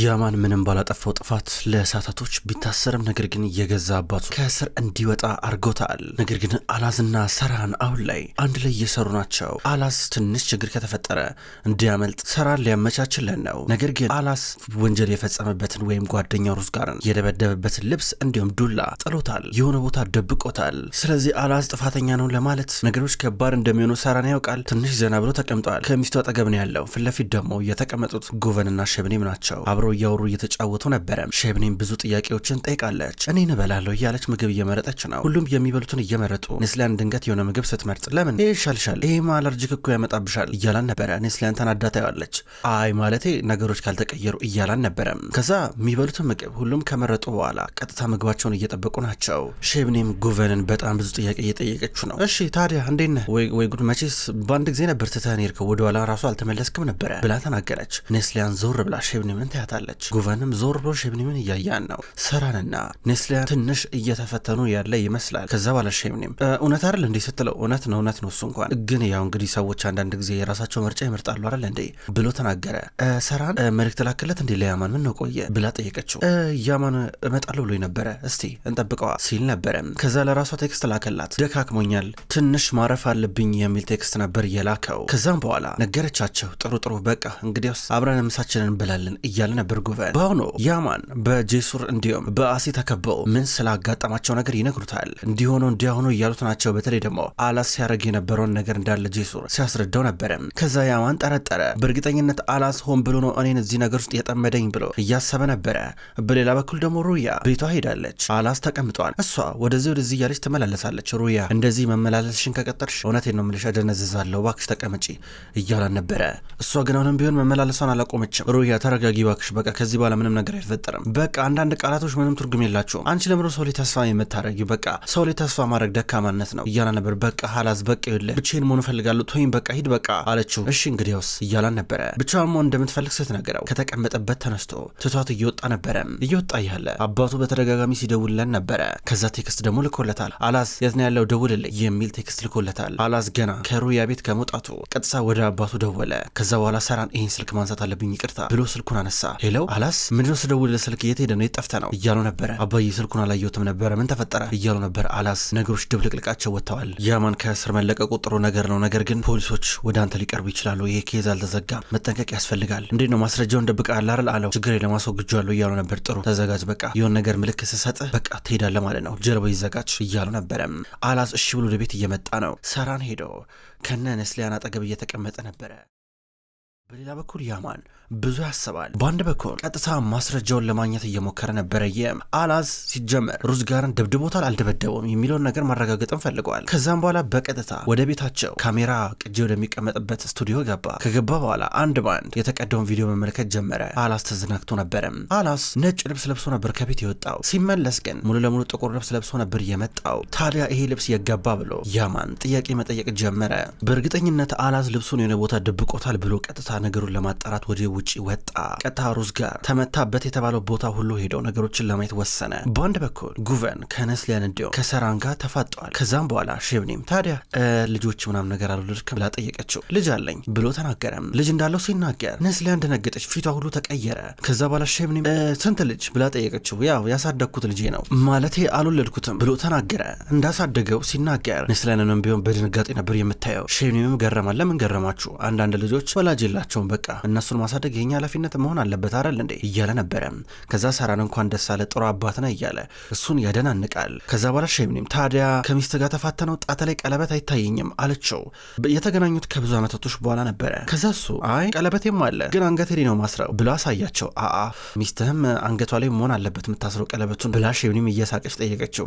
ያማን ምንም ባላጠፋው ጥፋት ለሰዓታቶች ቢታሰርም ነገር ግን የገዛ አባቱ ከእስር እንዲወጣ አርጎታል። ነገር ግን አላዝና ሰራን አሁን ላይ አንድ ላይ እየሰሩ ናቸው። አላዝ ትንሽ ችግር ከተፈጠረ እንዲያመልጥ ሰራን ሊያመቻችለን ነው። ነገር ግን አላዝ ወንጀል የፈጸመበትን ወይም ጓደኛው ሩዝ ጋርን የደበደበበትን ልብስ እንዲሁም ዱላ ጥሎታል፣ የሆነ ቦታ ደብቆታል። ስለዚህ አላዝ ጥፋተኛ ነው ለማለት ነገሮች ከባድ እንደሚሆኑ ሰራን ያውቃል። ትንሽ ዘና ብሎ ተቀምጧል። ከሚስቱ አጠገብ ነው ያለው። ፊት ለፊት ደግሞ የተቀመጡት ጉቨንና ሸብኔም ናቸው። አብረው እያወሩ እየተጫወቱ ነበረ። ሼብኔም ብዙ ጥያቄዎችን ጠይቃለች። እኔ እበላለሁ እያለች ምግብ እየመረጠች ነው። ሁሉም የሚበሉትን እየመረጡ ኔስሊያን ድንገት የሆነ ምግብ ስትመርጥ ለምን ይህ ይሻልሻል፣ ይህም አለርጂክ እኮ ያመጣብሻል እያላን ነበረ። ኔስሊያን ተናዳ ታያለች። አይ ማለቴ ነገሮች ካልተቀየሩ እያላን ነበረ። ከዛ የሚበሉትን ምግብ ሁሉም ከመረጡ በኋላ ቀጥታ ምግባቸውን እየጠበቁ ናቸው። ሼብኔም ጉቨንን በጣም ብዙ ጥያቄ እየጠየቀችው ነው። እሺ ታዲያ እንዴት ነህ? ወይ ጉድ መቼስ በአንድ ጊዜ ነበር ትተን ሄድከው ወደኋላ ራሱ አልተመለስክም ነበረ ብላ ተናገረች። ኔስሊያን ዞር ብላ ሼብኔምን ታያታለች። ተመልክታለች። ጉቨንም ዞር ብሎ ሸምኒምን እያያን ነው። ሰራንና ኔስሊያን ትንሽ እየተፈተኑ ያለ ይመስላል። ከዛ ባለ ሸምኒም እውነት አይደል እንዲህ ስትለው እውነት ነው እውነት ነው እሱ እንኳን ግን ያው እንግዲህ ሰዎች አንዳንድ ጊዜ የራሳቸው ምርጫ ይመርጣሉ አይደል እንዴ ብሎ ተናገረ። ሰራን መልእክት ላክለት እንዴ ለያማን ምን ነው ቆየ ብላ ጠየቀችው። ያማን እመጣለሁ ብሎ ነበረ እስቲ እንጠብቀዋ ሲል ነበረ። ከዛ ለራሷ ቴክስት ላከላት። ደካክሞኛል ትንሽ ማረፍ አለብኝ የሚል ቴክስት ነበር የላከው። ከዛም በኋላ ነገረቻቸው። ጥሩ ጥሩ በቃ እንግዲያውስ አብረን ምሳችንን እንበላለን እያለ ነበር ጉቨን። በአሁኑ ያማን በጄሱር እንዲሁም በአሴ ተከበው ምን ስላጋጠማቸው ነገር ይነግሩታል። እንዲሆኑ እንዲያሆኑ እያሉት ናቸው። በተለይ ደግሞ አላስ ሲያደርግ የነበረውን ነገር እንዳለ ጄሱር ሲያስረዳው ነበረ። ከዛ ያማን ጠረጠረ። በእርግጠኝነት አላስ ሆን ብሎ ነው እኔን እዚህ ነገር ውስጥ የጠመደኝ ብሎ እያሰበ ነበረ። በሌላ በኩል ደግሞ ሩያ ቤቷ ሄዳለች። አላስ ተቀምጧል። እሷ ወደዚህ ወደዚህ እያለች ትመላለሳለች። ሩያ እንደዚህ መመላለስሽን ከቀጠርሽ እውነቴን ነው የምልሽ እደነዝዛለሁ፣ እባክሽ ተቀመጪ እያላን ነበረ። እሷ ግን አሁንም ቢሆን መመላለሷን አላቆመችም። ሩያ ተረጋጊ እባክሽ በቃ ከዚህ በኋላ ምንም ነገር አይፈጠርም። በቃ አንዳንድ ቃላቶች ምንም ትርጉም የላቸውም። አንቺ ለምሮ ሰው ላይ ተስፋ የምታደረጊ በቃ ሰው ላይ ተስፋ ማድረግ ደካማነት ነው እያላ ነበር። በቃ ሀላዝ በቃ ይኸውልህ ብቻዬን መሆን እፈልጋለሁ ቶይም በቃ ሂድ በቃ አለችው። እሺ እንግዲያውስ እያላን ነበረ። ብቻዋን መሆን እንደምትፈልግ ስትነግረው ከተቀመጠበት ተነስቶ ትቷት እየወጣ ነበረ። እየወጣ እያለ አባቱ በተደጋጋሚ ሲደውልለን ነበረ። ከዛ ቴክስት ደግሞ ልኮለታል። አላስ የት ነው ያለው ደውልልኝ የሚል ቴክስት ልኮለታል። አላስ ገና ከሩያ ቤት ከመውጣቱ ቀጥታ ወደ አባቱ ደወለ። ከዛ በኋላ ሰራን ይህን ስልክ ማንሳት አለብኝ ይቅርታ ብሎ ስልኩን አነሳ። ሄለው አላስ ምንድነው ስደውል ስልክ የት ሄደ ነው የጠፍተ ነው እያሉ ነበረ። አባዬ ስልኩን አላየሁትም ነበረ ምን ተፈጠረ እያሉ ነበር። አላስ ነገሮች ድብልቅልቃቸው ወጥተዋል። ያማን ከእስር መለቀቁ ጥሩ ነገር ነው። ነገር ግን ፖሊሶች ወደ አንተ ሊቀርቡ ይችላሉ። ይሄ ኬዝ አልተዘጋም፣ መጠንቀቅ ያስፈልጋል። እንዴት ነው ማስረጃውን ደብቀሃል አይደል አለው። ችግር ለማስወግጃለሁ እያሉ ነበር። ጥሩ ተዘጋጅ፣ በቃ የሆነ ነገር ምልክት ስሰጥህ በቃ ትሄዳለህ ማለት ነው። ጀርባ ይዘጋጅ እያሉ ነበረ። አላስ እሺ ብሎ ወደ ቤት እየመጣ ነው። ሰራን ሄዶ ከነ ነስሊያን አጠገብ እየተቀመጠ ነበረ። በሌላ በኩል ያማን ብዙ ያስባል። በአንድ በኩል ቀጥታ ማስረጃውን ለማግኘት እየሞከረ ነበረ። የም አላዝ ሲጀመር ሩዝ ጋርን ደብድቦታል አልደበደበውም የሚለውን ነገር ማረጋገጥን ፈልገዋል። ከዛም በኋላ በቀጥታ ወደ ቤታቸው ካሜራ ቅጂ ወደሚቀመጥበት ስቱዲዮ ገባ። ከገባ በኋላ አንድ ባንድ የተቀደውን ቪዲዮ መመልከት ጀመረ። አላስ ተዘናግቶ ነበረ። አላስ ነጭ ልብስ ለብሶ ነበር ከቤት የወጣው። ሲመለስ ግን ሙሉ ለሙሉ ጥቁር ልብስ ለብሶ ነበር የመጣው። ታዲያ ይሄ ልብስ የገባ ብሎ ያማን ጥያቄ መጠየቅ ጀመረ። በእርግጠኝነት አላስ ልብሱን የሆነ ቦታ ደብቆታል ብሎ ቀጥታ ነገሩን ለማጣራት ወደ ውጪ ወጣ። ቀጥታ ሩዝ ጋር ተመታበት የተባለው ቦታ ሁሉ ሄደው ነገሮችን ለማየት ወሰነ። በአንድ በኩል ጉቨን ከነስሊያን እንዲሁም ከሰራን ጋር ተፋጠዋል። ከዛም በኋላ ሼብኒም ታዲያ ልጆች ምናም ነገር አልወለድክም ብላ ጠየቀችው። ልጅ አለኝ ብሎ ተናገረም። ልጅ እንዳለው ሲናገር ነስሊያን ደነገጠች፣ ፊቷ ሁሉ ተቀየረ። ከዛ በኋላ ሼብኒም ስንት ልጅ ብላ ጠየቀችው። ያው ያሳደግኩት ልጄ ነው ማለቴ አልወለድኩትም ብሎ ተናገረ። እንዳሳደገው ሲናገር ነስሊያንንም ቢሆን በድንጋጤ ነበር የምታየው። ሼብኒምም ገረማ ለምን ገረማችሁ? አንዳንድ ልጆች ወላጅ የላቸውም በቃ እነሱን ማሳደግ ማድረግ የኛ ኃላፊነት መሆን አለበት አይደል እንዴ እያለ ነበረ። ከዛ ሳራን እንኳን ደስ አለ ጥሩ አባት ነህ እያለ እሱን ያደናንቃል። ከዛ በኋላ ሸምኔም ታዲያ ከሚስት ጋር ተፋተነው ጣት ላይ ቀለበት አይታየኝም አለችው። የተገናኙት ከብዙ አመታቶች በኋላ ነበረ። ከዛ እሱ አይ ቀለበቴም አለ ግን አንገቴ ላይ ነው ማስረው ብሎ አሳያቸው። አአ ሚስትህም አንገቷ ላይ መሆን አለበት የምታስረው ቀለበቱን ብላ ሸምኔም እየሳቀች ጠየቀችው።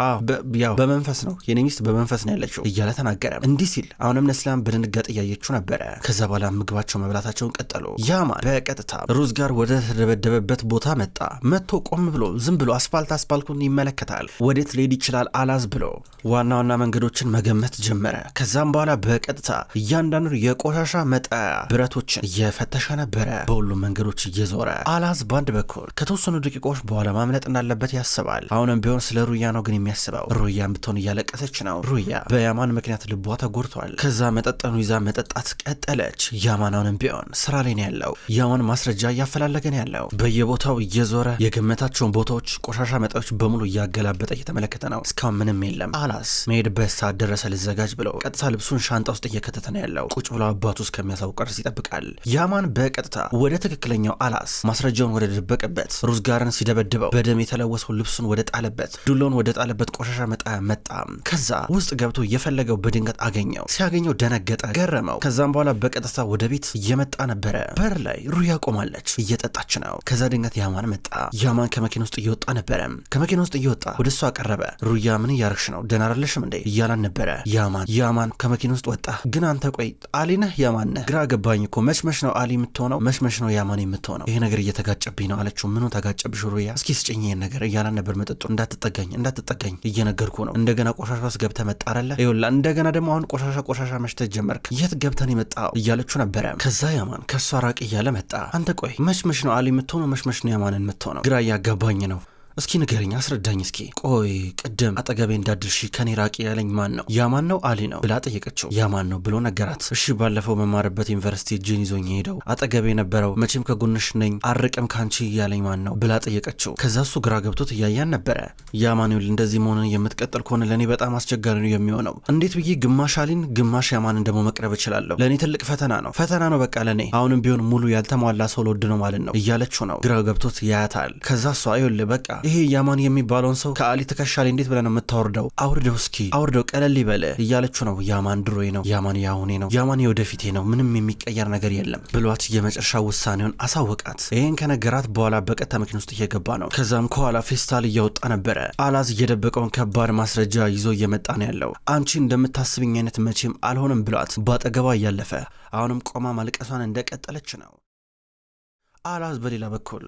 ያው በመንፈስ ነው የኔ ሚስት በመንፈስ ነው ያለችው እያለ ተናገረ። እንዲህ ሲል አሁንም ነስላም በድንጋጤ እያየችው ነበረ። ከዛ በኋላ ምግባቸው መብላታቸውን ቀጠሉ። ያማን በቀጥታ ሩዝ ጋር ወደ ተደበደበበት ቦታ መጣ። መጥቶ ቆም ብሎ ዝም ብሎ አስፋልት አስፋልቱን ይመለከታል። ወዴት ሊሄድ ይችላል አላዝ ብሎ ዋና ዋና መንገዶችን መገመት ጀመረ። ከዛም በኋላ በቀጥታ እያንዳንዱ የቆሻሻ መጣያ ብረቶችን እየፈተሸ ነበረ። በሁሉም መንገዶች እየዞረ አላዝ በአንድ በኩል ከተወሰኑ ደቂቃዎች በኋላ ማምለጥ እንዳለበት ያስባል። አሁንም ቢሆን ስለ ሩያ ነው ግን የሚያስበው። ሩያ ብትሆን እያለቀሰች ነው። ሩያ በያማን ምክንያት ልቧ ተጎድቷል። ከዛ መጠጠኑ ይዛ መጠጣት ቀጠለች። ያማን አሁንም ቢሆን ስራ ላይ ነው ያለው። የትኛውን ማስረጃ እያፈላለገ ነው ያለው። በየቦታው እየዞረ የገመታቸውን ቦታዎች ቆሻሻ መጣዮች በሙሉ እያገላበጠ እየተመለከተ ነው። እስካሁን ምንም የለም። አላስ መሄድበት ሰዓት ደረሰ፣ ልዘጋጅ ብለው ቀጥታ ልብሱን ሻንጣ ውስጥ እየከተተ ነው ያለው። ቁጭ ብሎ አባቱ እስከሚያሳውቅ ድረስ ይጠብቃል። ያማን በቀጥታ ወደ ትክክለኛው አላስ ማስረጃውን ወደ ደበቀበት ሩዝ ጋርን ሲደበድበው በደም የተለወሰው ልብሱን ወደ ጣለበት ዱሎን ወደ ጣለበት ቆሻሻ መጣያ መጣ። ከዛ ውስጥ ገብቶ እየፈለገው በድንገት አገኘው። ሲያገኘው ደነገጠ፣ ገረመው። ከዛም በኋላ በቀጥታ ወደ ቤት እየመጣ ነበረ። በር ላይ ሩ ቆማለች፣ እየጠጣች ነው። ከዛ ድንገት ያማን መጣ። ያማን ከመኪና ውስጥ እየወጣ ነበረ። ከመኪና ውስጥ እየወጣ ወደ እሷ ቀረበ። ሩያ ምን እያረግሽ ነው? ደህና አይደለሽም እንዴ እያላን ነበረ። ያማን ያማን ከመኪና ውስጥ ወጣ። ግን አንተ ቆይ አሊ ነህ ያማን ነህ? ግራ ገባኝ እኮ መሽመሽ ነው አሊ የምትሆነው መሽመሽ ነው ያማን የምትሆነው። ይሄ ነገር እየተጋጨብኝ ነው አለችው። ምኑ ተጋጨብሽ ሩያ? እስኪ ስጭኝ ይሄን ነገር እያላን ነበር። መጠጡ እንዳትጠገኝ እንዳትጠገኝ እየነገርኩ ነው። እንደገና ቆሻሻ ውስጥ ገብተህ መጣ አይደለ? ይኸውልህ እንደገና ደግሞ አሁን ቆሻሻ ቆሻሻ መሽተት ጀመርክ። የት ገብተን የመጣው እያለችው ነበረ። ከዛ ያማን ከእሷ ራቅ እያለ መጣ። አንተ ቆይ መሽመሽ ነው አሊ የምትሆነው መሽመሽ ነው ያማን የምትሆነው ግራ እያጋባኝ ነው እስኪ ንገርኝ፣ አስረዳኝ እስኪ። ቆይ ቅድም አጠገቤ እንዳድርሺ ከኔ ራቂ ያለኝ ማን ነው? ያ ማን ነው? አሊ ነው ብላ ጠየቀችው። ያ ማን ነው ብሎ ነገራት። እሺ ባለፈው መማርበት ዩኒቨርሲቲ እጅን ይዞኝ ሄደው አጠገቤ የነበረው መቼም ከጎንሽ ነኝ አርቅም ካንቺ እያለኝ ማን ነው ብላ ጠየቀችው። ከዛ እሱ ግራ ገብቶት እያያን ነበረ። ያ እንደዚህ መሆንን የምትቀጥል ከሆነ ለእኔ በጣም አስቸጋሪ ነው የሚሆነው። እንዴት ብዬ ግማሽ አሊን ግማሽ ያማንን ደግሞ መቅረብ እችላለሁ? ለእኔ ትልቅ ፈተና ነው፣ ፈተና ነው በቃ ለእኔ። አሁንም ቢሆን ሙሉ ያልተሟላ ሰው ልወድ ነው ማለት ነው እያለችው ነው። ግራ ገብቶት ያያታል። ከዛ እሷ ይኸውልህ በቃ ይሄ ያማን የሚባለውን ሰው ከአሊ ትከሻ ላይ እንዴት ብለህ ነው የምታወርደው? አውርደው እስኪ አውርደው፣ ቀለል ይበለ እያለችው ነው። ያማን ድሮዬ ነው፣ ያማን ያሁኔ ነው፣ ያማን የወደፊቴ ነው፣ ምንም የሚቀየር ነገር የለም ብሏት የመጨረሻ ውሳኔውን አሳወቃት። ይህን ከነገራት በኋላ በቀጥታ መኪና ውስጥ እየገባ ነው። ከዛም ከኋላ ፌስታል እያወጣ ነበረ። አላዝ እየደበቀውን ከባድ ማስረጃ ይዞ እየመጣ ነው ያለው። አንቺ እንደምታስብኝ አይነት መቼም አልሆንም ብሏት ባጠገቧ እያለፈ አሁንም ቆማ ማልቀሷን እንደቀጠለች ነው። አላዝ በሌላ በኩል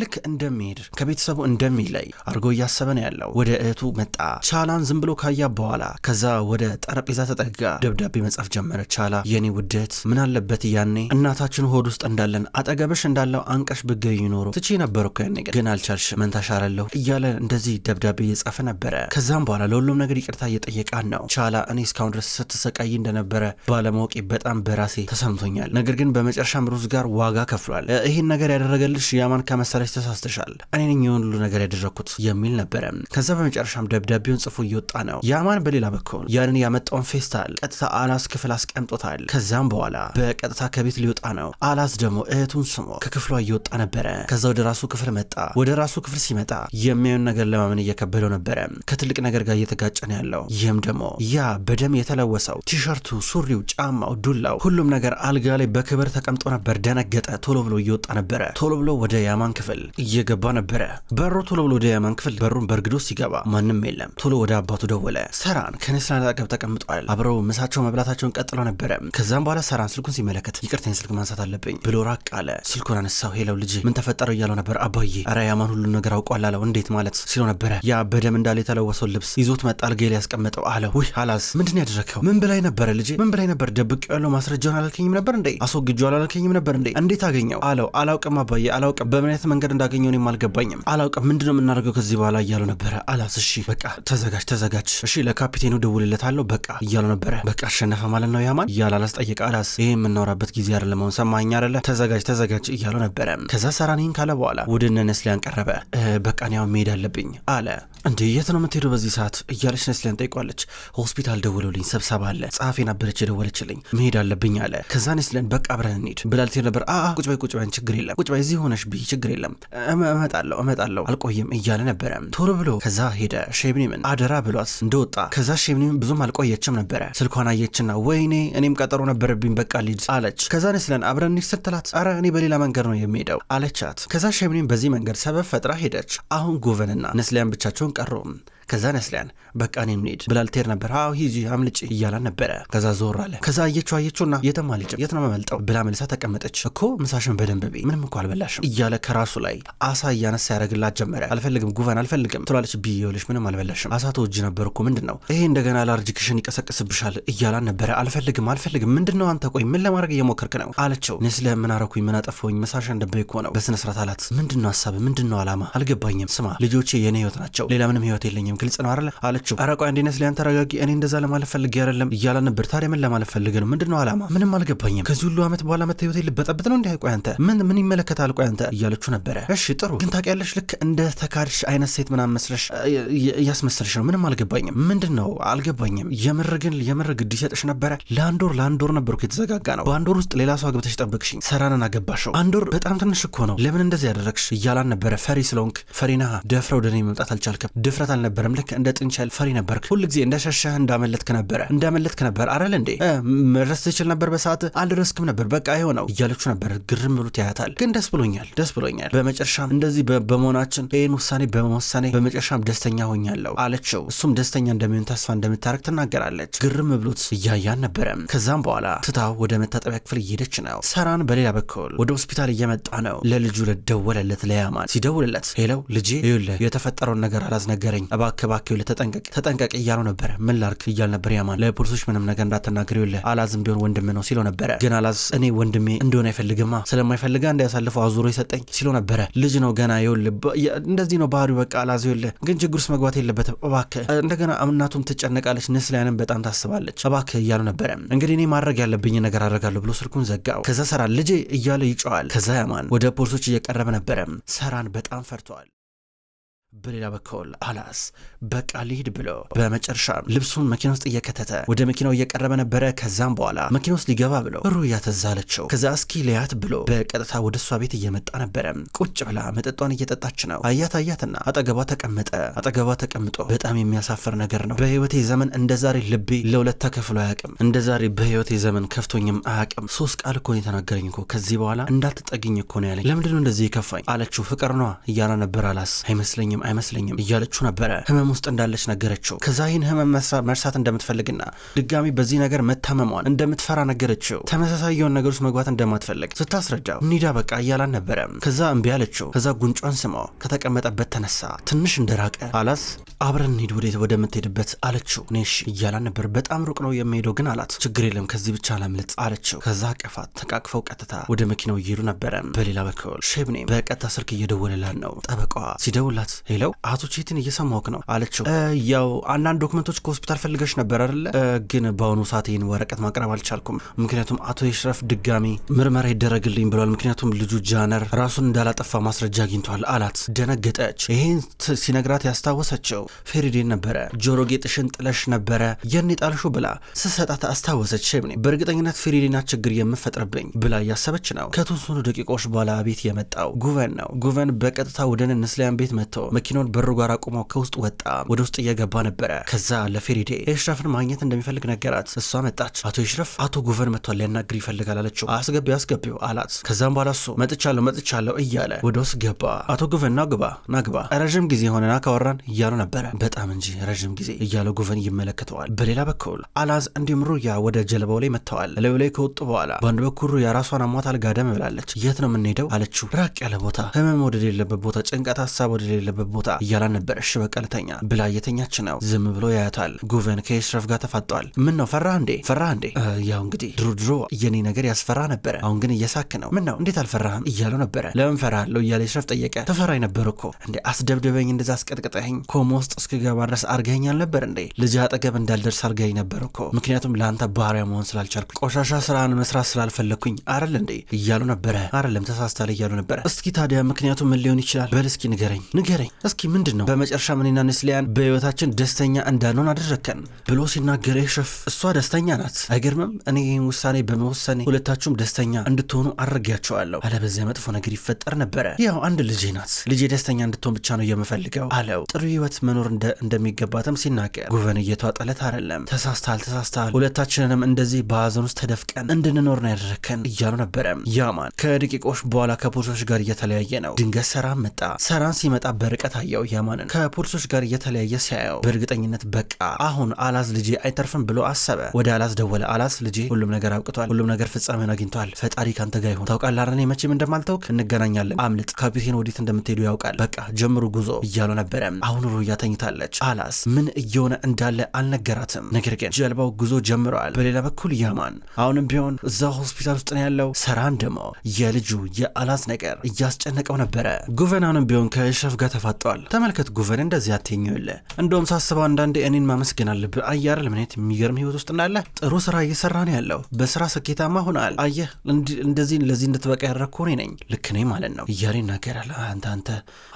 ልክ እንደሚሄድ ከቤተሰቡ እንደሚለይ አድርጎ እያሰበ ነው ያለው። ወደ እህቱ መጣ። ቻላን ዝም ብሎ ካያ በኋላ ከዛ ወደ ጠረጴዛ ተጠጋ። ደብዳቤ መጻፍ ጀመረ። ቻላ የኔ ውደት፣ ምን አለበት ያኔ እናታችን ሆድ ውስጥ እንዳለን አጠገብሽ እንዳለው አንቀሽ ብገኝ ኖሮ ትቼ ነበር እኮ ያኔ፣ ግን አልቻልሽ፣ መንታሻላለሁ እያለ እንደዚህ ደብዳቤ እየጻፈ ነበረ። ከዛም በኋላ ለሁሉም ነገር ይቅርታ እየጠየቃን ነው። ቻላ እኔ እስካሁን ድረስ ስትሰቃይ እንደነበረ ባለማወቄ በጣም በራሴ ተሰምቶኛል። ነገር ግን በመጨረሻም ሩዝ ጋር ዋጋ ከፍሏል። ይህን ነገር ያደረገልሽ ያማን ከመሰለ ተሳስተሻለች፣ ተሳስተሻል፣ እኔ ነኝ የሆን ሁሉ ነገር ያደረግኩት የሚል ነበረ። ከዛ በመጨረሻም ደብዳቤውን ጽፎ እየወጣ ነው። የአማን በሌላ በኩል ያንን ያመጣውን ፌስታል ቀጥታ አላስ ክፍል አስቀምጦታል። ከዛም በኋላ በቀጥታ ከቤት ሊወጣ ነው። አላስ ደግሞ እህቱን ስሞ ከክፍሏ እየወጣ ነበረ። ከዛ ወደ ራሱ ክፍል መጣ። ወደ ራሱ ክፍል ሲመጣ የሚያዩን ነገር ለማመን እየከበደው ነበረ። ከትልቅ ነገር ጋር እየተጋጨ ነው ያለው። ይህም ደግሞ ያ በደም የተለወሰው ቲሸርቱ፣ ሱሪው፣ ጫማው፣ ዱላው፣ ሁሉም ነገር አልጋ ላይ በክብር ተቀምጦ ነበር። ደነገጠ። ቶሎ ብሎ እየወጣ ነበረ። ቶሎ ብሎ ወደ ያማን ክፍል ክፍል እየገባ ነበረ። በሩ ቶሎ ብሎ ወደ ያማን ክፍል በሩን በርግዶ ሲገባ ማንም የለም። ቶሎ ወደ አባቱ ደወለ። ሰራን ከኔስላ አጠገብ ተቀምጧል። አብረው ምሳቸው መብላታቸውን ቀጥለው ነበረ። ከዛም በኋላ ሰራን ስልኩን ሲመለከት ይቅርታን ስልክ ማንሳት አለብኝ ብሎ ራቅ አለ። ስልኩን አነሳው። ሄለው ልጅ ምን ተፈጠረው እያለው ነበር። አባዬ አረ ያማን ሁሉን ነገር አውቋል አለው። እንዴት ማለት ሲለው ነበረ። ያ በደም እንዳለ የተለወሰው ልብስ ይዞት መጣል አልጋ ያስቀመጠው አለው። ውይ አላዝ ምንድን ያደረከው? ምን ብላይ ነበረ ልጅ? ምን ብላይ ነበር? ደብቅ ያለው ማስረጃውን አላልከኝም ነበር እንዴ? አስወግጁ አላልከኝም ነበር እንዴ? እንዴት አገኘው አለው። አላውቅም አባዬ አላውቅም በምን አይነት መንገድ እንዳገኘው እኔም አልገባኝም። አላውቅም ምንድን የምናደርገው ከዚህ በኋላ እያሉ ነበረ። አላስ እሺ በቃ ተዘጋጅ ተዘጋጅ፣ እሺ ለካፒቴኑ ደውልለት አለው። በቃ እያሉ ነበረ። በቃ አሸነፈ ማለት ነው ያማን እያለ አላስ ጠየቀ። አላስ ይሄ የምናወራበት ጊዜ አይደለም አሁን ሰማኝ አይደለ? ተዘጋጅ ተዘጋጅ እያሉ ነበረ። ከዛ ሰራኒን ካለ በኋላ ወደ እነ ነስሊያን ቀረበ። በቃ እኔ ያው መሄድ አለብኝ አለ። እንዴ የት ነው የምትሄደው በዚህ ሰዓት እያለች ነስሊያን ጠይቋለች። ሆስፒታል ደውለውልኝ ስብሰባ አለ፣ ጸሐፊ ነበረች የደወለችልኝ መሄድ አለብኝ አለ። ከዛ ነስሊያን በቃ አብረን እንሂድ ብላ ልትሄድ ነበር። አ ቁጭ በይ ቁጭ በይ ችግር የለም ቁጭ በይ እዚህ ሆነሽ ብይ ችግር የለም እመጣለሁ እመጣለሁ አልቆይም እያለ ነበረ። ቶሎ ብሎ ከዛ ሄደ። ሼብኒምን አደራ ብሏት እንደወጣ ከዛ ሼብኒም ብዙም አልቆየችም ነበረ። ስልኳን አየችና ወይኔ እኔም ቀጠሮ ነበረብኝ በቃ ልጅ አለች። ከዛ ነስለን አብረን ስትላት አረ እኔ በሌላ መንገድ ነው የሚሄደው አለቻት። ከዛ ሼብኒም በዚህ መንገድ ሰበብ ፈጥራ ሄደች። አሁን ጉቨንና ነስሊያን ብቻቸውን ቀሩ። ከዛ ነስሊያን በቃ እኔም እንሂድ ብላ ልትሄድ ነበር። አዎ ሂጂ አምልጭ እያላን ነበረ። ከዛ ዞር አለ። ከዛ አየችው አየችውና የተማ ልጭ የት ነው መመልጠው ብላ መልሳ ተቀመጠች። እኮ ምሳሽን በደንብ ቤ ምንም እኮ አልበላሽም እያለ ከራሱ ላይ አሳ እያነሳ ያደረግላት ጀመረ። አልፈልግም ጉቫን አልፈልግም ትሏለች። ብዬውልሽ ምንም አልበላሽም አሳ ተወጅ ነበር እኮ ምንድን ነው ይሄ እንደገና አላርጂክሽን ይቀሰቅስብሻል እያላን ነበረ። አልፈልግም አልፈልግም ምንድን ነው አንተ ቆይ ምን ለማድረግ እየሞከርክ ነው አለችው። ንስለ ምን አረኩኝ ምን አጠፋሁኝ ምሳሽን ደበይ እኮ ነው በስነ ስርዓት አላት። ምንድን ነው ሀሳብ ምንድን ነው አላማ አልገባኝም። ስማ ልጆቼ የእኔ ህይወት ናቸው ሌላ ምንም ህይወት የለኝም ግልጽ ነው አለ አለችው። ኧረ ቆይ አንዴ ተረጋጊ፣ እኔ እንደዛ ለማለት ፈልጌ አይደለም እያለ ነበር። ታዲያ ምን ለማለት ፈልጌ ነው? ምንድን ነው አላማ? ምንም አልገባኝም። ከዚህ ሁሉ ዓመት በኋላ መታ ህይወቴ ልበጠብጥ ነው? እንዲህ ቆይ አንተ ምን ምን ይመለከታል? ቆይ አንተ እያለችው ነበረ። እሺ ጥሩ፣ ግን ታውቂያለሽ፣ ልክ እንደ ተካድሽ አይነት ሴት ምናምን መስለሽ እያስመሰለሽ ነው። ምንም አልገባኝም። ምንድን ነው አልገባኝም። የምር ግን የምር ግድ ይሰጥሽ ነበረ። ለአንድ ወር ለአንድ ወር ነበርኩ የተዘጋጋ ነው። በአንድ ወር ውስጥ ሌላ ሰው አግብተሽ ጠበቅሽኝ፣ ሰራንን አገባሸው። አንድ ወር በጣም ትንሽ እኮ ነው። ለምን እንደዚህ ያደረግሽ እያላን ነበረ። ፈሪ ስለሆንክ ነሃ። ደፍረው ደኔ መምጣት አልቻልክም። ድፍረት አልነበረም አልነበረም። ልክ እንደ ጥንቸል ፈሪ ነበርክ። ሁልጊዜ እንደሸሸህ እንዳመለጥክ ነበረ እንዳመለጥክ ነበር አረል እንዴ መድረስ ትችል ነበር። በሰዓት አልደረስክም ነበር። በቃ ይኸው ነው እያለች ነበር። ግርም ብሎት ያያታል። ግን ደስ ብሎኛል፣ ደስ ብሎኛል። በመጨረሻም እንደዚህ በመሆናችን ይህን ውሳኔ በመወሰኔ በመጨረሻም ደስተኛ ሆኛለሁ አለችው። እሱም ደስተኛ እንደሚሆን ተስፋ እንደምታረግ ትናገራለች። ግርም ብሎት እያያን ነበረ። ከዛም በኋላ ትታው ወደ መታጠቢያ ክፍል እየሄደች ነው። ሰራን በሌላ በኩል ወደ ሆስፒታል እየመጣ ነው። ለልጁ ለደወለለት ለያማን ሲደውልለት ሄለው ልጄ ይኸውልህ የተፈጠረውን ነገር አላዝነገረኝ እባክህ ተጠንቀቅ ተጠንቀቅ እያለው ነበረ። ምን ላርክ እያል ነበር ያማን ለፖሊሶች ምንም ነገር እንዳትናገር ይለ አላዝ ቢሆን ወንድም ነው ሲለው ነበረ። ግን አላዝ እኔ ወንድሜ እንዲሆን አይፈልግማ ስለማይፈልጋ እንዳያሳልፈው አዙሮ ይሰጠኝ ሲለው ነበረ። ልጅ ነው ገና ይውል እንደዚህ ነው ባህሪው። በቃ አላዝ ይውል ግን ችግር ውስጥ መግባት የለበትም እባክህ። እንደገና እናቱም ትጨነቃለች፣ ንስሊያንም በጣም ታስባለች። እባክህ እያለው ነበረ። እንግዲህ እኔ ማድረግ ያለብኝ ነገር አደርጋለሁ ብሎ ስልኩን ዘጋው። ከዛ ሰራን ልጄ እያለ ይጮዋል። ከዛ ያማን ወደ ፖሊሶች እየቀረበ ነበረ። ሰራን በጣም ፈርተዋል። በሌላ በኩል አላስ በቃ ሊሄድ ብሎ በመጨረሻ ልብሱን መኪና ውስጥ እየከተተ ወደ መኪናው እየቀረበ ነበረ። ከዛም በኋላ መኪና ውስጥ ሊገባ ብሎ ሩ እያተዛለችው ከዛ እስኪ ሊያት ብሎ በቀጥታ ወደ እሷ ቤት እየመጣ ነበረ። ቁጭ ብላ መጠጧን እየጠጣች ነው። አያት አያትና አጠገቧ ተቀመጠ። አጠገቧ ተቀምጦ በጣም የሚያሳፍር ነገር ነው። በህይወቴ ዘመን እንደ ዛሬ ልቤ ለሁለት ተከፍሎ አያቅም። እንደ ዛሬ በህይወቴ ዘመን ከፍቶኝም አያቅም። ሶስት ቃል እኮ የተናገረኝ እኮ ከዚህ በኋላ እንዳትጠግኝ እኮ ነው ያለኝ። ለምንድነው እንደዚህ ይከፋኝ አለችው። ፍቅር ነዋ እያለ ነበር አላስ አይመስለኝም አይመስለኝም እያለችው ነበረ። ህመም ውስጥ እንዳለች ነገረችው። ከዛ ይህን ህመም መርሳት እንደምትፈልግና ድጋሚ በዚህ ነገር መታመሟን እንደምትፈራ ነገረችው። ተመሳሳይ የሆነ ነገር ውስጥ መግባት እንደማትፈልግ ስታስረዳው ኒዳ በቃ እያላን ነበረ። ከዛ እምቢ አለችው። ከዛ ጉንጯን ስሞ ከተቀመጠበት ተነሳ። ትንሽ እንደራቀ አላስ አብረን ሂድ ወደ ወደምትሄድበት አለችው። ኔሽ እያላን ነበር። በጣም ሩቅ ነው የሚሄደው ግን አላት። ችግር የለም ከዚህ ብቻ ላምልጥ አለችው። ከዛ ቀፋት ተቃቅፈው ቀጥታ ወደ መኪናው እየሄዱ ነበረ። በሌላ በኩል ሼብኔ በቀጥታ ስልክ እየደወለላን ነው። ጠበቃዋ ሲደውላት ሄለው አቶ ቼትን እየሰማሁህ ነው አለችው። ያው አንዳንድ ዶክመንቶች ከሆስፒታል ፈልገሽ ነበር አይደለ? ግን በአሁኑ ሰዓት ይህን ወረቀት ማቅረብ አልቻልኩም፣ ምክንያቱም አቶ የሽረፍ ድጋሚ ምርመራ ይደረግልኝ ብለዋል። ምክንያቱም ልጁ ጃነር ራሱን እንዳላጠፋ ማስረጃ አግኝቷል አላት። ደነገጠች። ይህን ሲነግራት ያስታወሰችው ፌሪዴን ነበረ። ጆሮ ጌጥሽን ጥለሽ ነበረ የኔ ጣልሹ ብላ ስሰጣት አስታወሰች። ሸብኔ በእርግጠኝነት ፌሪዴና ችግር የምፈጥርብኝ ብላ እያሰበች ነው። ከተወሰኑ ደቂቃዎች በኋላ ቤት የመጣው ጉቨን ነው። ጉቨን በቀጥታ ወደ ንስሊያን ቤት መጥተው መኪናውን በሩ ጋር አቁሞ ከውስጥ ወጣ። ወደ ውስጥ እየገባ ነበረ። ከዛ ለፌሪዴ ኤሽራፍን ማግኘት እንደሚፈልግ ነገራት። እሷ መጣች። አቶ ኤሽራፍ አቶ ጉቨን መጥቷል ሊያናግር ይፈልጋል አለችው። አስገቢው አስገቢው አላት። ከዛም በኋላ እሱ መጥቻለሁ መጥቻለሁ እያለ ወደ ውስጥ ገባ። አቶ ጉቨን ናግባ ናግባ ረዥም ጊዜ የሆነና ካወራን እያሉ ነበረ። በጣም እንጂ ረዥም ጊዜ እያለው ጉቨን ይመለከተዋል። በሌላ በኩል አላዝ እንዲሁም ሩያ ወደ ጀልባው ላይ መጥተዋል። ላዩ ላይ ከወጡ በኋላ በአንድ በኩል ሩያ ራሷን አሟት አልጋደም ብላለች። የት ነው የምንሄደው አለችው። ራቅ ያለ ቦታ፣ ህመም ወደሌለበት ቦታ፣ ጭንቀት ሀሳብ ወደሌለበት ቦታ እያላን ነበር። እሺ በቀልተኛ ብላ እየተኛች ነው። ዝም ብሎ ያያታል። ጉቨን ከኤሽረፍ ጋር ተፋጠዋል። ምን ነው ፈራ እንዴ? ፈራ እንዴ? ያው እንግዲህ ድሮ ድሮ የኔ ነገር ያስፈራ ነበረ። አሁን ግን እየሳክ ነው። ምን ነው እንዴት አልፈራህም? እያለው ነበረ። ለምን ፈራለሁ እያለ ኤሽረፍ ጠየቀ። ተፈራኝ ነበር እኮ እንዴ አስደብደበኝ፣ እንደዛ አስቀጥቅጠኝ፣ ኮማ ውስጥ እስክገባ ድረስ አርገኸኝ አልነበር እንዴ? ልጅ አጠገብ እንዳልደርስ አርገኝ ነበር እኮ ምክንያቱም ለአንተ ባህሪያ መሆን ስላልቻልኩ ቆሻሻ ስራን መስራት ስላልፈለግኩኝ አረል እንዴ እያሉ ነበረ። አረለም ተሳስታል እያሉ ነበረ። እስኪ ታዲያ ምክንያቱ ምን ሊሆን ይችላል? በል እስኪ ንገረኝ ንገረኝ እስኪ ምንድን ነው በመጨረሻ እኔና ኔስሊያን በህይወታችን ደስተኛ እንዳንሆን አደረግከን ብሎ ሲናገር ሸፍ እሷ ደስተኛ ናት። አይገርምም? እኔ ይህን ውሳኔ በመወሰኔ ሁለታችሁም ደስተኛ እንድትሆኑ አድርጌያቸዋለሁ አለ። በዚያ መጥፎ ነገር ይፈጠር ነበረ። ያው አንድ ልጄ ናት፣ ልጄ ደስተኛ እንድትሆን ብቻ ነው የምፈልገው አለው። ጥሩ ህይወት መኖር እንደሚገባትም ሲናገር ጉቨን እየተዋጠለት አይደለም። ተሳስተሃል፣ ተሳስተሃል፣ ሁለታችንንም እንደዚህ በሀዘን ውስጥ ተደፍቀን እንድንኖር ነው ያደረግከን እያሉ ነበረ። ያማን ከደቂቆች በኋላ ከፖሊሶች ጋር እየተለያየ ነው። ድንገት ሰራን መጣ። ሰራን ሲመጣ በርቀት አየው ያማንን ከፖሊሶች ጋር እየተለያየ ሲያየው በእርግጠኝነት በቃ አሁን አላዝ ልጄ አይተርፍም ብሎ አሰበ። ወደ አላዝ ደወለ። አላዝ ልጄ፣ ሁሉም ነገር አብቅቷል፣ ሁሉም ነገር ፍጻሜውን አግኝቷል። ፈጣሪ ካንተ ጋር ይሁን። ታውቃለህ እኔ መቼም እንደማልተውክ እንገናኛለን። አምልጥ፣ ካፒቴን ወዴት እንደምትሄዱ ያውቃል። በቃ ጀምሩ ጉዞ እያሉ ነበረ። አሁን ሩያ ተኝታለች። አላዝ ምን እየሆነ እንዳለ አልነገራትም። ነገር ግን ጀልባው ጉዞ ጀምረዋል። በሌላ በኩል ያማን አሁንም ቢሆን እዛ ሆስፒታል ውስጥ ነው ያለው። ሰራን ደግሞ የልጁ የአላዝ ነገር እያስጨነቀው ነበረ። ጉቨናንም ቢሆን ከሸፍ ጋር ተፋ ተዋጠዋል። ተመልከት ጉቨን እንደዚህ አትኘው የለ እንደውም ሳስበው አንዳንዴ እኔን ማመስገን አለብህ። አያር ለምኔት የሚገርም ህይወት ውስጥ እንዳለ ጥሩ ስራ እየሰራ ነው ያለው። በስራ ስኬታማ ሆናል። አየህ እንደዚህ ለዚህ እንድትበቃ ያደረግኩ እኔ ነኝ፣ ልክ ነኝ ማለት ነው እያለ ይናገራል። አንተ አንተ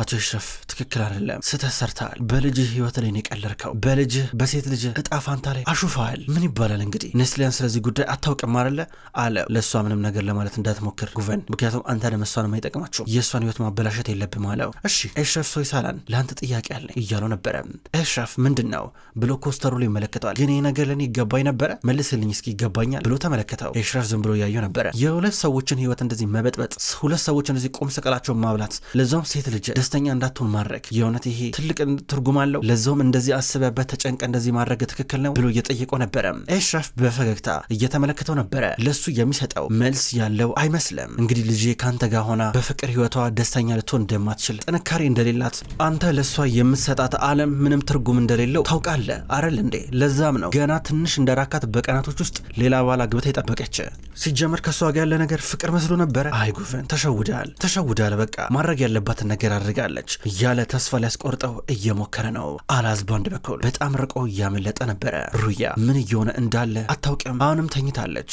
አቶ ይሽረፍ ትክክል አይደለም፣ ስተት ሰርተሃል። በልጅህ ህይወት ላይ ነው የቀለድከው። በልጅህ በሴት ልጅ እጣ ፋንታ ላይ አሹፈሃል። ምን ይባላል እንግዲህ ነስሊያን ስለዚህ ጉዳይ አታውቅም አለ አለ ለእሷ ምንም ነገር ለማለት እንዳትሞክር ጉቨን፣ ምክንያቱም አንተ ለመሷን አይጠቅማችሁም። የእሷን ህይወት ማበላሸት የለብም አለው። እሺ ይሽረፍ ሰው ሳላን ለአንተ ጥያቄ አለኝ እያለው ነበረ። እሽራፍ ምንድን ነው ብሎ ኮስተሩ ይመለከተዋል። ግን ይህ ነገር ለእኔ ይገባኝ ነበረ መልስልኝ እስኪ ይገባኛል ብሎ ተመለከተው። እሽራፍ ዝም ብሎ እያየው ነበረ። የሁለት ሰዎችን ህይወት እንደዚህ መበጥበጥ፣ ሁለት ሰዎች እንደዚህ ቁም ሰቀላቸውን ማብላት፣ ለዛውም ሴት ልጅ ደስተኛ እንዳትሆን ማድረግ የእውነት ይሄ ትልቅ ትርጉም አለው። ለዛውም እንደዚህ አስበበት ተጨንቀ እንደዚህ ማድረግ ትክክል ነው ብሎ እየጠየቀው ነበረ። እሽራፍ በፈገግታ እየተመለከተው ነበረ። ለሱ የሚሰጠው መልስ ያለው አይመስልም። እንግዲህ ልጄ ከአንተ ጋር ሆና በፍቅር ህይወቷ ደስተኛ ልትሆን እንደማትችል ጥንካሬ እንደሌላት ወቅት አንተ ለእሷ የምትሰጣት ዓለም ምንም ትርጉም እንደሌለው ታውቃለህ አረል እንዴ? ለዛም ነው ገና ትንሽ እንደራካት በቀናቶች ውስጥ ሌላ ባል አግብታ የጠበቀች። ሲጀመር ከእሷ ጋር ያለ ነገር ፍቅር መስሎ ነበረ። አይ ጉቨን ተሸውዳል፣ ተሸውዳል። በቃ ማድረግ ያለባትን ነገር አድርጋለች እያለ ተስፋ ሊያስቆርጠው እየሞከረ ነው። አላዝ ባንድ በኩል በጣም ርቆ እያመለጠ ነበረ። ሩያ ምን እየሆነ እንዳለ አታውቅም። አሁንም ተኝታለች።